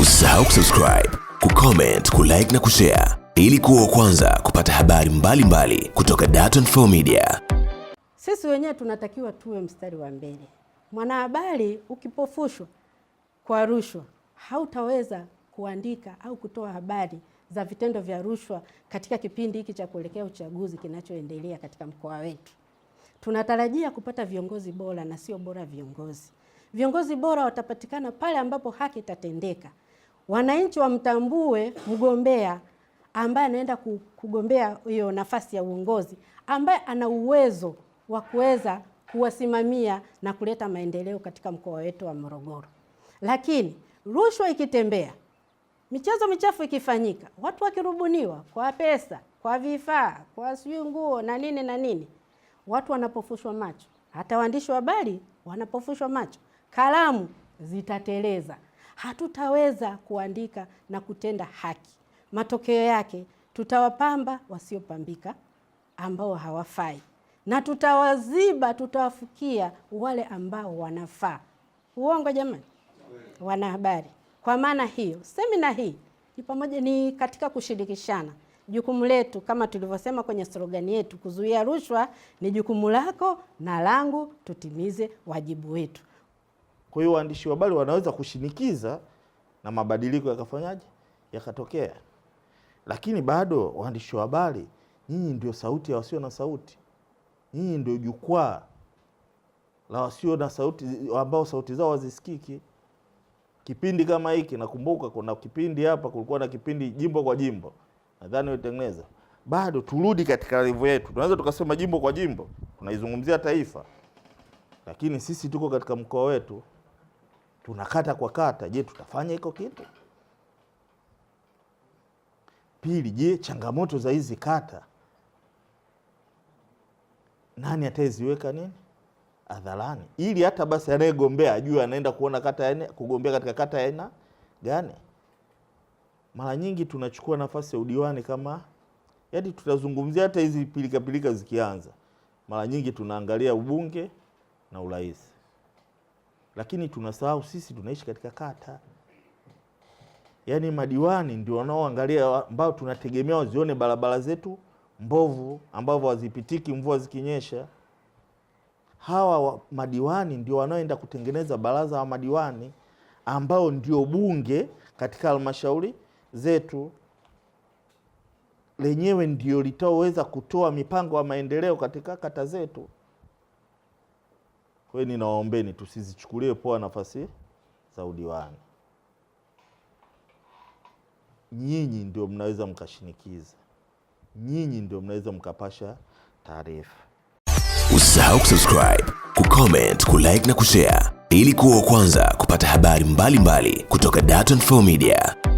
Usisahau kusubscribe, kucomment, kulike na kushare ili kuwa kwanza kupata habari mbalimbali mbali kutoka Dar24 Media. Sisi wenyewe tunatakiwa tuwe mstari wa mbele. Mwanahabari ukipofushwa kwa rushwa, hautaweza kuandika au kutoa habari za vitendo vya rushwa katika kipindi hiki cha kuelekea uchaguzi kinachoendelea katika mkoa wetu. Tunatarajia kupata viongozi bora na sio bora viongozi. Viongozi bora watapatikana pale ambapo haki itatendeka wananchi wamtambue mgombea ambaye anaenda kugombea hiyo nafasi ya uongozi ambaye ana uwezo wa kuweza kuwasimamia na kuleta maendeleo katika mkoa wetu wa Morogoro. Lakini rushwa ikitembea, michezo michafu ikifanyika, watu wakirubuniwa kwa pesa, kwa vifaa, kwa sijui nguo na nini na nini, watu wanapofushwa macho, hata waandishi wa habari wanapofushwa macho, kalamu zitateleza hatutaweza kuandika na kutenda haki. Matokeo yake tutawapamba wasiopambika ambao hawafai, na tutawaziba, tutawafukia wale ambao wanafaa. Uongo jamani, wanahabari? Kwa maana hiyo, semina hii ni pamoja, ni katika kushirikishana jukumu letu kama tulivyosema kwenye slogani yetu, kuzuia rushwa ni jukumu lako na langu, tutimize wajibu wetu. Kwa hiyo waandishi wa habari wanaweza kushinikiza na mabadiliko yakafanyaje, yakatokea. Lakini bado waandishi wa habari, nyinyi ndio sauti ya wasio na sauti, nyinyi ndio jukwaa la wasio na sauti ambao sauti zao hazisikiki. Kipindi kama hiki, nakumbuka kuna kipindi hapa, kulikuwa na kipindi jimbo kwa jimbo, nadhani ulitengeneza. Bado turudi katika levo yetu, tunaweza tukasema jimbo kwa jimbo tunaizungumzia taifa, lakini sisi tuko katika mkoa wetu tunakata kwa kata. Je, tutafanya hiko kitu? Pili, je, changamoto za hizi kata nani ataeziweka nini hadharani, ili hata basi anayegombea ajue anaenda kuona kata ya kugombea katika kata ya aina gani? Mara nyingi tunachukua nafasi ya udiwani kama yaani, tutazungumzia hata hizi pilikapilika zikianza, mara nyingi tunaangalia ubunge na urais lakini tunasahau sisi tunaishi katika kata, yaani madiwani ndio wanaoangalia, ambao tunategemea wazione barabara zetu mbovu ambavyo hazipitiki mvua zikinyesha. Hawa madiwani ndio wanaoenda kutengeneza baraza la madiwani ambao ndio bunge katika halmashauri zetu, lenyewe ndio litaoweza kutoa mipango ya maendeleo katika kata zetu. Kwa hiyo ninawaombeni tusizichukulie poa nafasi za udiwani. Nyinyi ndio mnaweza mkashinikiza, nyinyi ndio mnaweza mkapasha taarifa. Usisahau kusubscribe, kucomment, kulike na kushare ili kuwa wa kwanza kupata habari mbalimbali mbali kutoka Dar24 Media.